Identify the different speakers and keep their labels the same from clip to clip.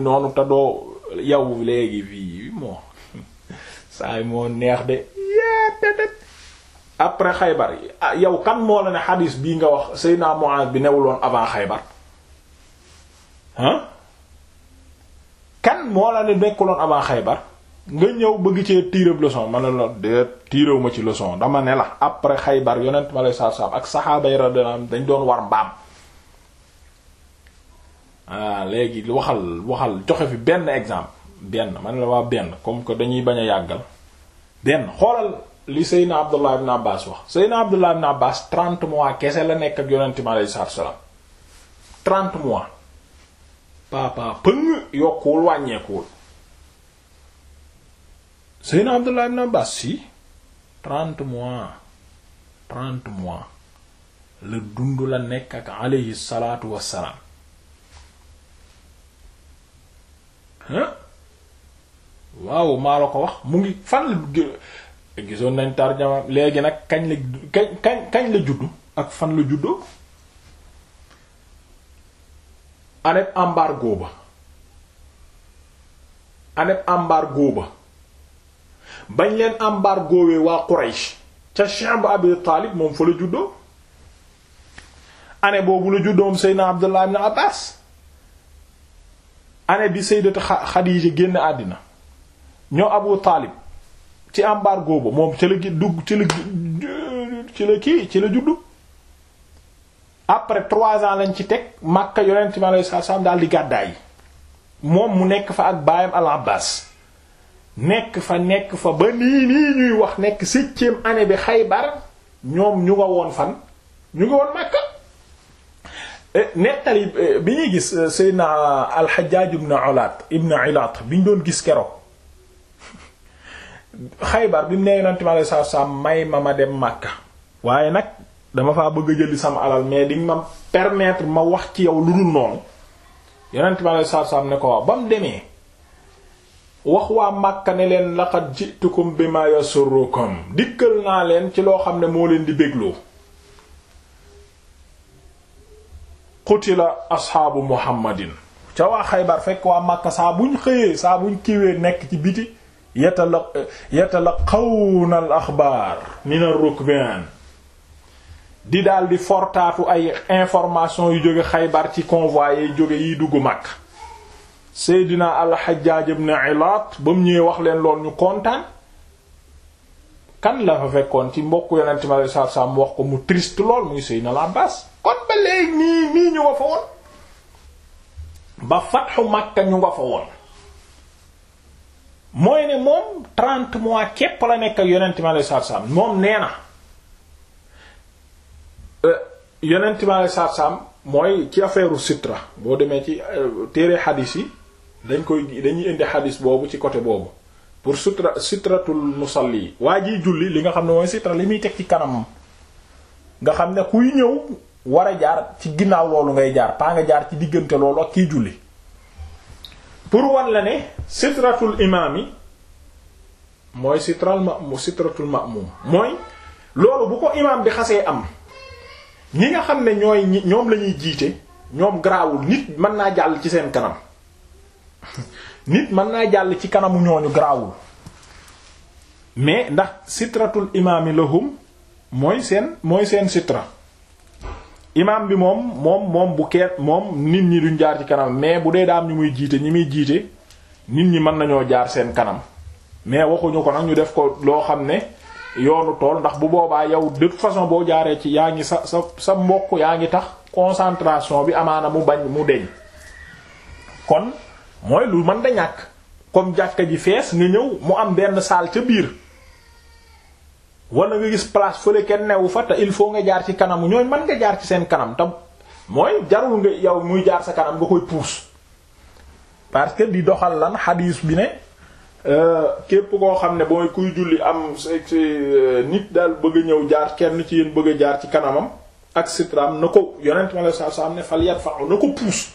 Speaker 1: noonu te doo yow léegi fii moo saay moo neex de après xaybar ah, yow kan moo la ne xadiis bii nga wax sey naa Muaz bi newuloon avant xaybar ah kan moo la ne nekkuloon avant xaybar nga ñëw bëgg cee tiiram leçon ma ne la de tiiraw ma ci leçon dama ne la après xaybar yonent ma lay saab saab ak saxaaba yi radiyallahu anhum dañ doon war mbaam ah léegi waxal waxal joxe fi benn exemple benn man la waa benn comme que dañuy bañ a yàggal benn xoolal li Seydina Abdullah ibn Abbas wax Seydina Abdullah ibn Abbas 30 mois kese la nekk ak yonent mi alayhi salaatu salaam 30 mois papa pëng yokkuwul wàññeekuwul Seydina Abdullah ibn Abbas si 30 mois 30 mois la dund la nekk ak alayhi salaatu wassalaam waaw maa ko wax mu ngi fan la gisoon nañ tarjama léegi nag kañ la kañ kañ kañ la juddu ak fan la juddoo aneb embargo ba aneb embargo ba bañ leen embargowee waa Quraysh ca Shi'b Abi Taalib moom fa la juddoo ane boobu la juddoom Seydina Abdullah ibn Abbas année bi sayyidatu Xadiija génn àddina ñoo Abu Taalib ci embargo ba moom ci la dugg ci la ci la après trois ans lañ ci teg Makka yonent mi alayhi salaam daal di gàddaay yi moom mu nekk fa ak baayam al-Abbaas nekk fa nekk fa ba nii nii ñuy wax nekk septième année bi Xaybar ñoom ñu nga woon fan ñu nga woon Makka Eh, nettali eh, bi ñuy gis eh, Seydina al-Hajjaj ibn Ilaat ibn Ilaat bi ñu doon gis keroog Xaybar bi mu nee Yonent mi alayhi salaatu may ma ma dem Makka waaye nag dama fa bëgg jël jëli sama alal mais di ma permettre ma wax ci yow lu dul noonu Yonent mi alayhi ne ko waaw ba mu demee wax waa Makka ne leen laqad ji'tukum bimaa yasurrukum dikkal naa leen ci loo xam ne moo leen di bégloo qutila asxaabu muhammadin ca waa xaybar fekk waa Makka saa buñ xëyee saa buñ kiiwee nekk ci biti yatala yatalaqawna al axbaar min ar-rukbaan di daal di fortaatu ay information yu jóge xaybar ci convois yi jóge yiy dugg Makka Seydina al-Hajjaaj ibn Ilaat ba mu ñëwee wax leen lool ñu kontaan kan la fa fekkoon ci mbokk yonent ma saa saa mu wax ko mu trist lool muy Seydina Abbas kon ba léegi nii nii ñu nga fa woon ba fatxu Makka ñu nga fa woon mooy ne moom 30 mois képp la nekk ak yonent ma saa moom nee na euh, yonent ma saa mooy ci affaire sitra boo demee ci euh, téere xadiis yi dañ koy dañuy indi xadiis boobu ci côté boobu. pour sutra sitratul musalli waa jiy julli li nga xam ne mooy sitra li muy teg ci kanamam nga xam ne kuy ñëw war a jaar ci ginnaaw loolu ngay jaar paa nga jaar ci diggante loolu ak kiy julli pour wan la ne sitratul imaam yi mooy sitral ma'mum sitratul ma'mum mooy loolu bu ko imaam bi xasee am ñi nga xam ne ñooy ñoom la ñuy jiite ñoom garaawul nit mën naa jàll ci seen kanam nit mën naa jàll ci kanamu ñooñu garaawul mais ndax sitratul imaami lahum mooy seen mooy seen sitra imaam bi moom moom moom bu kenn moom nit ñi duñ jaar ci kanam mais bu dee daam ñu muy jiite ñi muy jiite nit ñi mën nañoo jaar seen kanam mais waxuñu ko nag ñu def ko loo xam ne yoonu tool ndax bu boobaa yow de toute façon boo jaaree ci yaa ngi sa sa sa mbokk yaa ngi tax concentration bi amaana mu bañ mu deñ kon mooy lu man da ñàkk comme jàkka ji fees nga ñëw mu am benn salle ca biir wala nga gis place fële kenn newu fa te il faut nga jaar ci kanamu ñooy mën nga jaar ci seen kanam mooy jarul nga yow muy jaar sa kanam nga koy puus parce di doxal lan xadiis bi ne euh, képp koo xam ne booy kuy julli am euh, nit daal bëgg ñëw jaar kenn ci bëgg jaar ci kanamam ak sitram na ko yonent ma la sa am ne fal yat fa na ko puus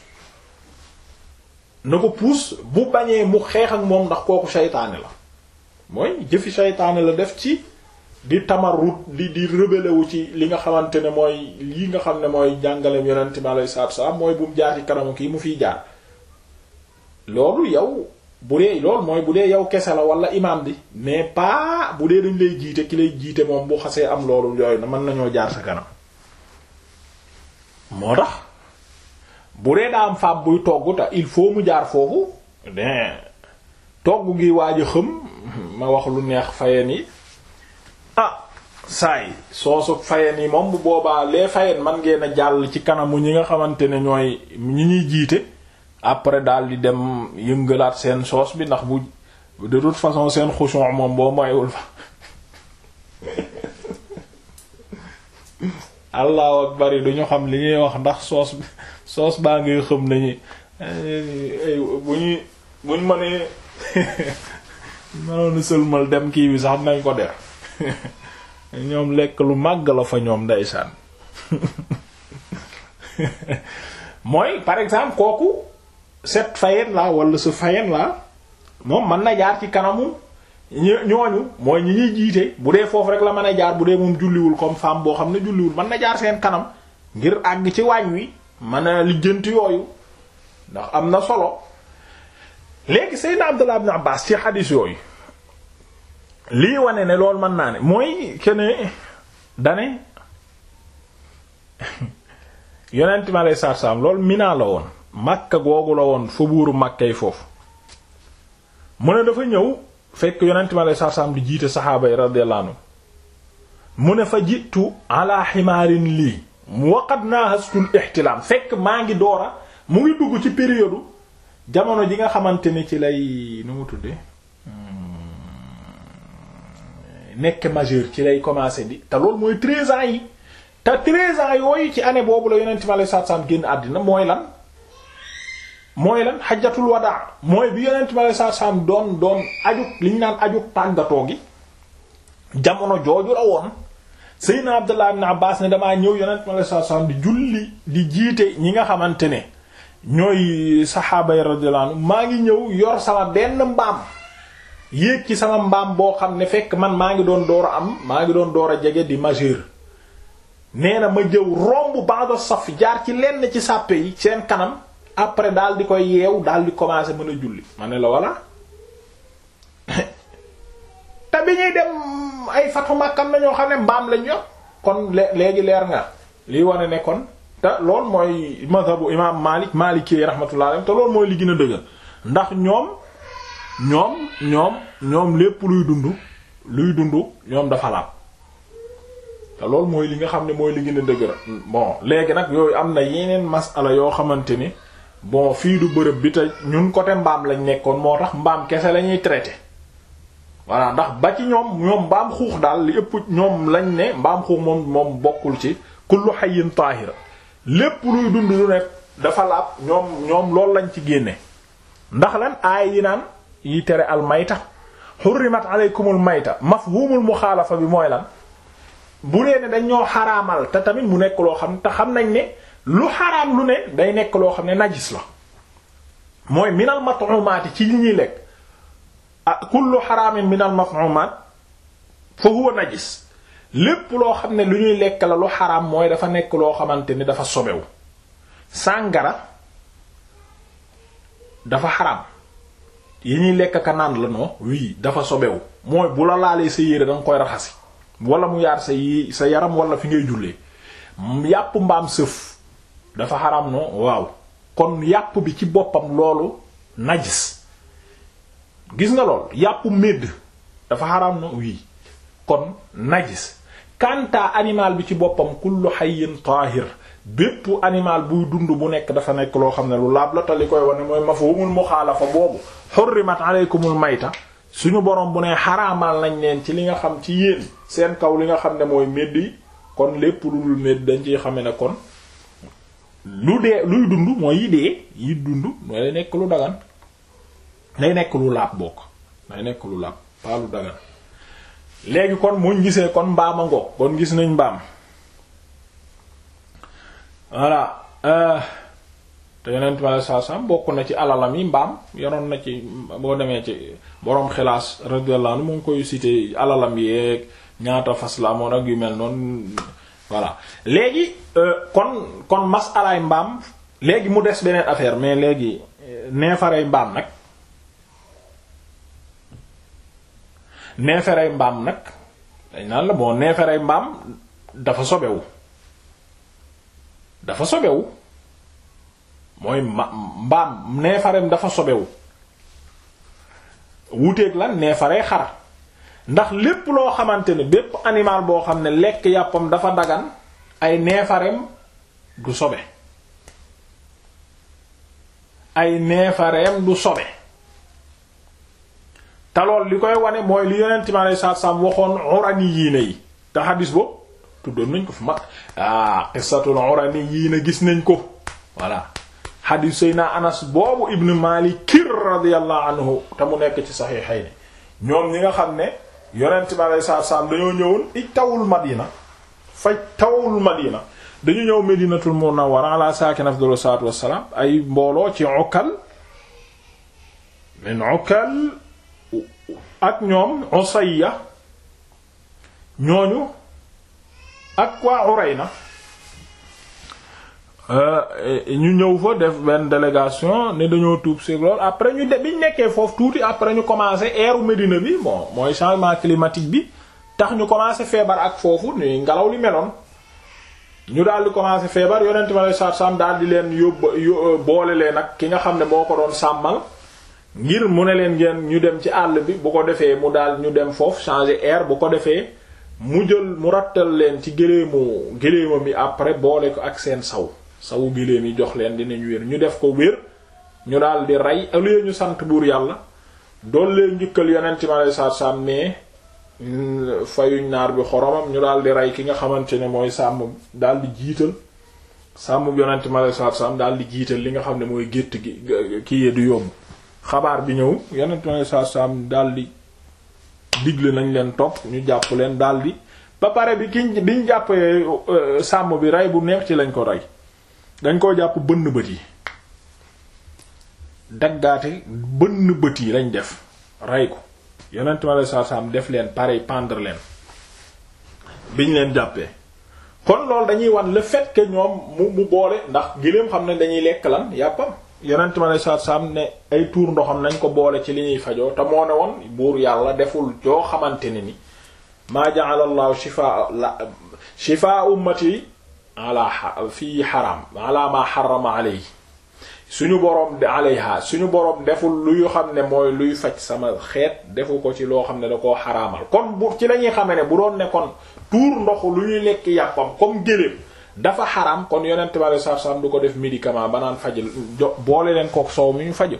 Speaker 1: na ko puus bu bañee mu xeex ak moom ndax kooku seytaane la mooy jëfi saytaane la def ci di tamarrut di di rebelle wu ci li nga xamante ne mooy lii nga xam ne mooy jàngaleem yonent bi alayhi salaatu salaam mooy bu mu jaar ci kanamu kii mu fiy jaar loolu yow bu dee loolu mooy bu dee yow kese la wala imaam bi mais pas bu dee dañ lay jiite ki lay jiite moom bu xasee am loolu yooyu na mën nañoo jaar sa kanam moo tax. bu dee daa am femme buy togg te il faut mu jaar foofu den togg gi waaj a xëm ma wax lu neex fayen yi ah saay soosu fayen yi moom bu boobaa les fayen man ngeen a jàll ci kanamu ñi nga xamante ne ñooy ñi ñuy jiite après daal di dem yëngalaat seen soos bi ndax bu de toute façon seen xuchon moom boo moywul fa allahu bari yi duñu xam li ñuy wax ndax soos bi soos baa ngay xëm nañu bu ñu bu ñu mënee mënoon sëlmal dem kii bi sax nañ ko def ñoom lekk lu màgg la fa ñoom ndeysaan mooy par exemple kooku set fayen la wala su fayen la moom mën na jaar ci kanamu ñooñu mooy ñi ñuy jiite bu dee foofu rek la mën a jaar bu dee moom julliwul comme femme boo xam ne julliwul mën na jaar seen kanam ngir àgg ci waañ wi mën a lijjanti yooyu ndax am na solo léegi Seydina Abdullah ibn Abbas ci xadiis yooyu lii wane ne lool mën naa ne mooy kene dane yonent ma lay sarsam lool Mina la woon Makka googu la woon fa buuru Makkay foofu mu ne dafa ñëw fekk yonent mi alei satu salaam di jiite saxaaba yi radiyallahu anhu mu ne fa jitu ala ximaarin lii waqat naa hastul ihtilaam fekk maa ngi doora mu ngi dugg ci période jamono ji nga xamante ni ci lay nu mu tudde hmm, nekk majeur ci lay commencé di te loolu mooy treize ans yi te treize ans yooyu ci année boobu la yonent mi alei satu salaam génn àddina mooy lan mooy lan xajjatul wadaa mooy bi yonent bi alei satu salaam doon doon ajuk li naan ajuk tàggatoo gi jamono jooju la woon Seydina Abdullah ibn Abbas ne damaa ñëw yonent bi alei satu salaam di julli di jiite ñi nga xamante ne ñooy saxaaba yi maa ngi ñëw yor sama benn mbaam yéeg ci sama mbaam boo xam ne fekk man maa ngi doon door a am maa ngi doon door a jege di majeur nee na ma jëw romb baado saf jaar ci lenn ci sàppe yi seen kanam après daal di koy yeew daal di commencer mën a julli ma ne la voilà te bi ñuy dem ay fatu màkkam na ñoo xam ne mbaam lañu yor kon léegi leer nga li wane ne kon te loolu mooy mazhabu imam Malik Maliki rahmatullah alayhi te loolu mooy li gën a dëgër ndax ñoom ñoom ñoom ñoom lépp luy dund luy dund ñoom dafa te loolu mooy li nga xam ne mooy li gën a dëgër bon léegi nag yooyu am na yeneen masala yoo xamante ni bon fii du bërëb bi te ñun côté mbaam lañ nekkoon moo tax mbaam kese lañuy ñuy traité voilà ndax ba ci ñoom ñoom mbaam xuux daal li ëpp ñoom lañ ne mbaam xuux moom bokkul ci kullu hayyin taahira lépp luy dund lu nekk dafa laab ñoom ñoom loolu lañ ci génne ndax lan aay yi naan yi tere al mayta xurrimat aleykumul mayta mafhumul muxaalafa bi mooy lan bu ne dañ ñoo xaraamal te tamit mu nekk loo xam te xam nañ ne lu xaraam lu ne day nekk loo xam ne najis la mooy minal mat'umaati ci li ñuy lekk ah kullu xaraamin minal mat'umaat fa huwa najis lépp loo xam ne lu ñuy lekk la lu xaraam mooy dafa nekk loo xamante ni dafa sobewu sàngara dafa xaraam yi ñuy lekk ka naan la non oui dafa sobewu mooy bu la laalee sa yére da nga koy raxasi wala mu yaar sa yi sa yaram walla fi ngay jullee yàpp mbaam sëf dafa xaram no waaw kon yàpp bi ci boppam loolu najis gis nga lool yàppu médd dafa xaram no wii kon najis kanta animal bi ci boppam kullu hayyin taahir bépp animal buy dund bu nekk dafa nekk loo xam ne lu laab la te li koy wane mooy mafhumul muxaalafa boobu mat alaykumul mayta suñu borom bu ne xaraamal nañ leen ci li nga xam ci yéen seen kaw li nga xam ne mooy médd yi kon lépp lu dul médd dañ ciy xame ne kon lu dee luy dund mooy yi dee yi dund mooy day nekk lu dagan day nekk lu laab bokk day nekk lu laab pas lu dagan léegi kon muñ gisee kon mbaama ngoog kon gis nañ mbaam voilà euh, te yonent bokk na ci alalam yi mbaam yoroon na ci boo demee ci boroom xilaas radiyallahu moo mu koy cité alalam yeeg ñaata fas la amoon ak yu mel noonu voilà léegi euh, kon kon masalaay mbaam léegi mu des beneen affaire mais léegi euh, neefarey mbaam nag neeferey mbaam nag dañ naan la bon neeferey mbaam dafa sobewu dafa sobewu mooy ma mbaam neefareem dafa sobewu wuteeg la neefaree xar ndax lépp loo xamante ne bépp animal boo xam ne lekk yàppam dafa dagan ay neefarem du sobe ay neefareem du sobe te lool li koy wane mooy li yonent ma lay saat-saam waxoon uraniyiine yi te xadis boobu tuddoon nañ ko fu mag ah qissatul uraniyiine gis nañ ko voilà xadis sayna anas boobu ibnu malikir radiyallahu anhu te mu nekk ci saxiixayni ñoom ñi nga xam ne yonent bi aleyhi salaatu salaam dañoo ñëwoon ij tawul Madina faj tawul Madina dañu ñëw Madinatul Munawwara ala saakin afdalu salaatu wassalaam ay mbooloo ci Ukkal min Ukkal ak ñoom Usayya ñooñu ak waa Urayna Euh, ñu ñëw fa def benn délégation ne dañoo tuub si lool après ñu de biñ nekkee foofu tuuti après ñu commencé eeru Medina bi bon mooy changement climatique bi tax ñu commencé feebar ak foofu ni ngelaw li meloon ñu daal di commencé feebar yonent ma lay saat sam daal di leen yóbbu euh, boole leen ak ki nga xam ne boo ko doon sàmmal ngir mu ne leen ngeen ñu dem ci àll bi bu ko defee mu daal ñu dem foofu changer air bu ko defee mu jël mu rattal leen ci gëléemu gëléema mi après boole ko ak seen saw sawu giléem yi jox leen dinañ wér ñu def ko wér ñu daal di rey alee ñu sant buur yàlla dool leen njëkkal yonent mi alei saatu salaam mais euh, fayuñ naar bi xoromam ñu daal di rey ki nga xamante ne mooy sàmm daal di jiital sàmm bi mi alei saatu salaam daal di jiital li nga xam ne mooy gétt gi kii yee du yomb xabaar bi ñëw yonent mi alei saatu salaam daal di digle nañ leen topp ñu jàpp leen daal di ba pare bi ki biñ jàppee euh, sàmm bi rey bu neex ci lañ ko rey dañ koo jàpp bënn bët yi daggaate bënn bët yi lañ def rey ko yonent mi alei satu salaam def leen pareil pendre leen biñ leen jàppee kon loolu dañuy wan la fait que ñoom mu mu boole ndax giléem xam ne dañuy lekk lan yàppam yonent mi alei satu salaam ne ay tuur ndoxam nañ ko boole ci li ñuy fajoo te moo ne woon buur yàlla deful joo xamante ne ni maa ja'ala Allahu shifaa la shifaa ummati ala fii xaram ala ma xarama alay suñu boroom alayha suñu boroom deful luy xam ne mooy luy faj sama xeet defu ko ci loo xam ne da ko xaraamal kon bu ci la ñuy xamee ne bu doon ne kon tuur ndox lu ñuy lekk yàppam comme géléem dafa xaraam kon yonent bi alei satu salaam du ko def médicament ba banaan faj jo boole leen kook soow mi ñu faju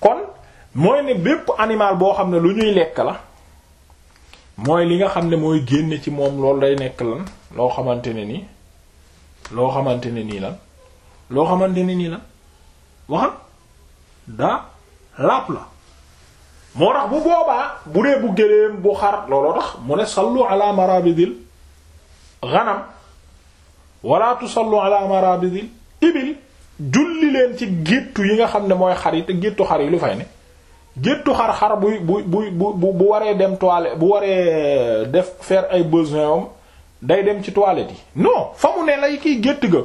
Speaker 1: kon mooy ne bépp animal boo xam ne lu ñuy lekk la mooy li nga xam ne mooy génn ci moom loolu day nekk lan loo xamante ne ni loo xamante ne nii lan loo xamante ni nii lan waxam daa laab la moo tax bu boobaa bu dee bu gëléem bu xar looloo tax mu ne sallu ala marabidil ghanam wala tusallu ala marabidil ibil julli leen ci géttu yi nga xam ne mooy xar yi te géttu xar yi lu fay ne géttu xar-xar buy bu bu bu bu waree dem toilette bu waree def faire ay besoin am day dem ci toilette yi non fa mu ne lay kii gétt ga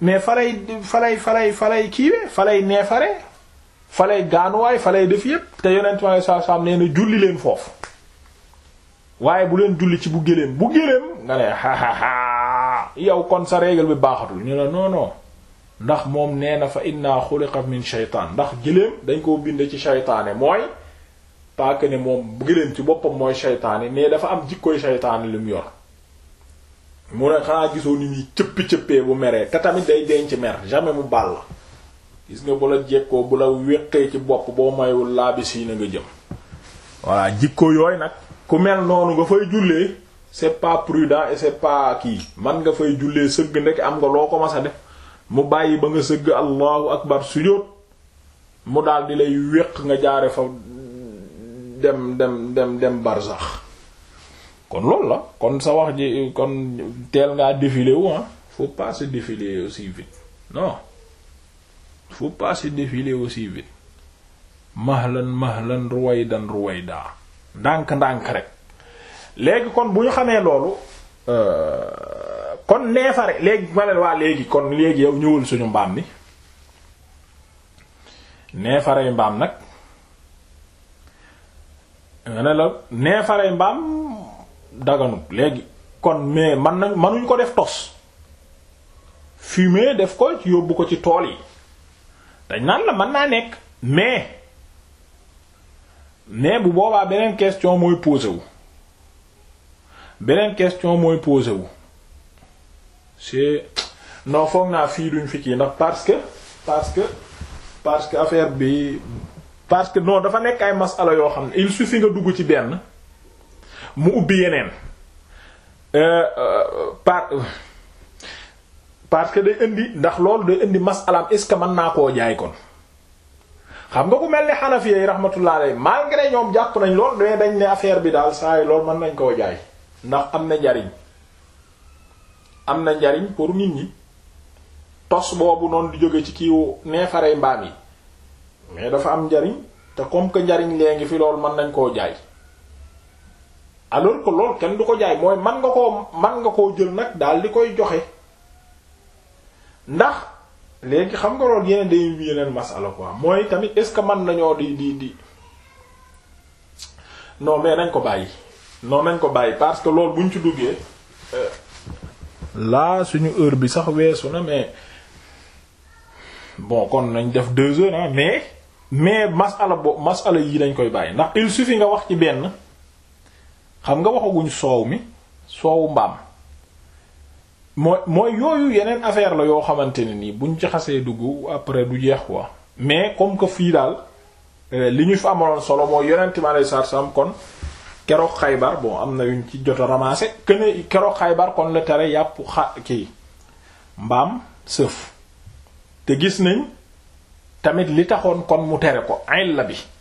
Speaker 1: mais falay falay falay falay kiiwe falay neefare falay gaanuwaay falay def yépp te yonent mi alei sat salaam nee na leen foofu waaye bu leen julli ci bu géléem bu géléem nga yow kon sa règle bi baaxatul ñu ne non non moom nee na fa inna xuliqa min shaytaan ndax géléem dañ koo bind ci shaytaane mooy parce que ne ci boppam mooy shaytaane mais dafa am jikkoy shaytaane lu yor mu ne xanaa gisoo ni muy cëppi cëppee bu meree te tamit day denc mer jamais mu baal la gis nga bu la jekkoo bu la wéqee ci bopp boo mayul laabisi na nga jëm voilà jikko yooyu nag ku mel noonu nga fay jullee c'est pas prudent et c'est pas kii man nga fay jullee sëgg ndek am nga loo ko mas def mu bàyyi ba nga sëgg allahu akbar sujjóot mu daal di lay wéq nga jaare fa dem dem dem dem barzax kon loolu la kon sa wax ji kon teel ngaa défiler wu ah faut pas se défiler aussi vite non faut pas se défiler aussi vite mahlan mahlan ruwaydan ruwayda ndànk ndànk rek léegi kon bu ñu xamee loolu euh, kon neefare léegi ma waa léegi kon léegi yow ñëwal suñu mbaam mi neefare mbaam nag nga ne la mbaam daganut léegi kon mais man na mënuñ ko def tos fumier def ko yóbbu ko ci tool yi dañ naan la mën naa nekk mais mais bu boobaa beneen question mooy posé wu beneen question mooy posé wu c'est non foog naa fii duñ fi kii ndax parce que parce que parce que affaire bi parce que non dafa nekk ay masala yoo xam ne il suffit nga dugg ci benn mu ubbi yeneen euh, euh, par parce que day indi ndax loolu day indi masalaam est ce que mën naa koo jaay kon xam nga ku mel ni Hanafi yi maa alayhi malgré ñoom jàpp nañ lool mais dañ ne affaire bi daal saa yi loolu mën nañ koo jaay ndax am na njariñ am na njariñ pour nit ñi tos boobu noonu di jóge ci kiiwu neefaree mbaam yi mais dafa am njariñ te comme que njariñ lee ngi fi loolu mën nañ koo jaay alors que loolu kenn du ko jaay mooy man nga koo man nga koo jël nag daal di koy joxe ndax léegi xam nga loolu yeneen day wi yeneen masala quoi mooy tamit est ce que man nañoo di di di noo mais nañ ko bàyyi non nañ ko bàyyi parce que loolu buñ ci duggee euh, laa suñu heure bi sax weesu na mais bon kon nañ def deux heures ah mais mais masala bo masala yi dañ koy bàyyi ndax il suffit nga wax ci benn xam nga waxaguñ soow mi soowu mbaam mooy mooy yooyu yeneen affaire la yoo xamante ne nii buñ ci xasee dugg après du jeex quoi mais comme que fii daal euh, li ñu fi amaloon solo moo yonent mi alayhi salaatu salaam kon keroog xaybar bon am na yuñ ci jot a ramassé keroog xaybar kon la tere yàpp xa ki mbaam sëf te gis nañ tamit li taxoon kon mu tere ko ay la bi.